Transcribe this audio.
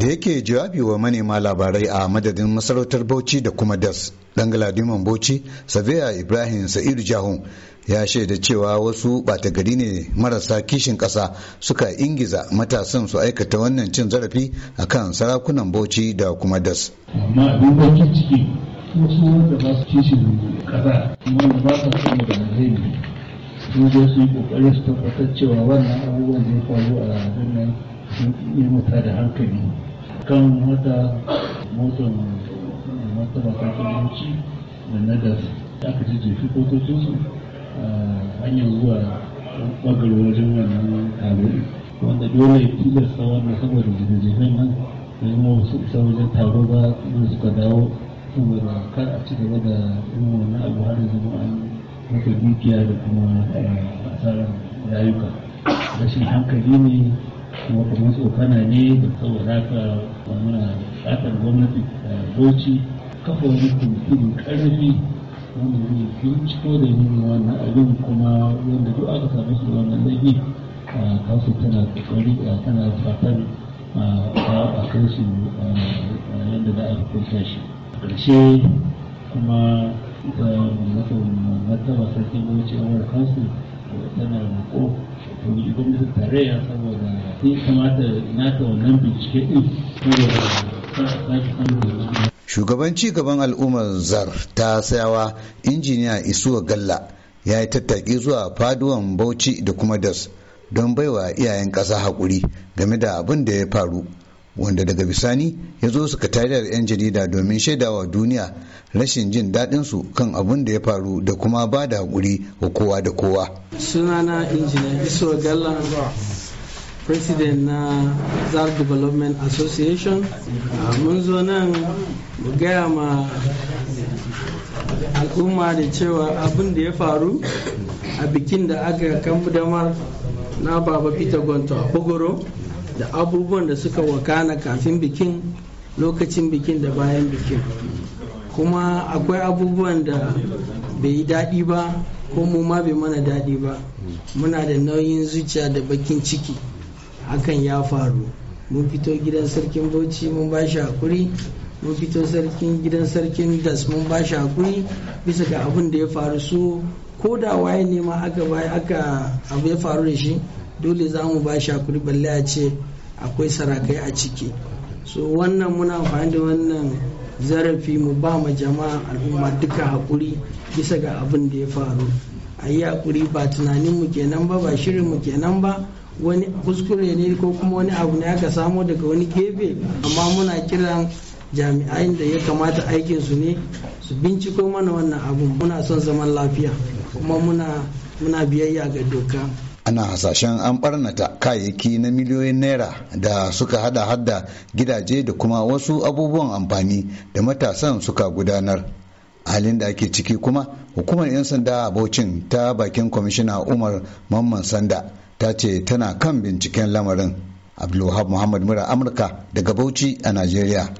da yake jawabi wa manema labarai a madadin masarautar bauchi da kuma das dan galadiman bauchi safiya ibrahim sa'idu jahun ya shaida cewa wasu bata gari ne marasa kishin kasa suka ingiza matasan su aikata wannan cin zarafi a kan sarakunan bauchi da kuma das su sun su yi kokarin su tabbatar cewa wannan abubuwan da ya faru a nan yi iya mata da hankali kan wata motar martaba ta kudinci da nagas aka ji jefi kokokinsu a hanyar zuwa bagar wajen wannan taro wanda dole tilasta da saboda jirgin jefen nan da yi mawa su isa wajen taro ba da suka dawo saboda kar a ci gaba da yin wannan abu har yanzu zama an maka dukiya da kuma eh, asarar rayuka rashin hankali ne kuma kuma kana ne saboda haka muna fatar gwamnati doci kafa wani kwamitin karfi wanda zai binciko da yin wannan abin kuma wanda duk aka same su wannan laifi a kasu tana kokari tana fatan a kai su yadda za a kusa shi ƙarshe kuma ita martaba sarkin bauchi a wani kasu tana roƙo to gwamnatin tarayya saboda shugabanci gaban al'ummar zar ta sayawa injiniya isuwa galla ya yi tattaki zuwa faduwan bauchi da kuma das don baiwa iyayen ƙasa haƙuri game da abin da ya faru wanda daga bisani ya zo sakatariyar 'yan jarida domin shaidawa duniya rashin jin daɗinsu kan abin da ya faru da kuma ba da haƙuri wa kowa da kowa president na uh, zar development association uh, mun zo nan mu gaya ma al'umma da cewa abin da ya faru a bikin da aka damar na baba peter gonto a bogoro da abubuwan da suka wakana kafin bikin lokacin bikin da bayan bikin kuma akwai abubuwan da bai yi daɗi ba ko mu ma bai mana daɗi ba muna da nauyin zuciya da bakin ciki hakan ya faru mun fito gidan sarkin bauchi mun ba shi hakuri mun fito sarkin gidan sarkin das mun ba shi hakuri bisa ga abin da ya faru su ko da waye ne ma aka aka abu ya faru da shi dole za mu ba shi hakuri balle a ce akwai sarakai a ciki so wannan muna amfani da wannan zarafi mu ba ma jama'a al'umma duka hakuri bisa ga abin da ya faru a yi hakuri ba tunanin mu kenan ba ba shirin mu kenan ba wani kuskure ne ko kuma wani abu ne aka samo daga wani gefe amma muna kiran jami'ai da ya kamata aikin su ne su binciko mana wannan abu muna son zaman lafiya kuma muna muna biyayya ga doka ana hasashen an barnata kayayyaki na miliyoyin naira da suka hada hada gidaje da kuma wasu abubuwan amfani da matasan suka gudanar halin da ake ciki kuma hukumar 'yan sanda a ta bakin kwamishina umar mamman sanda ta ce tana kan binciken lamarin abdulwahab muhammad mura amurka daga bauchi a najeriya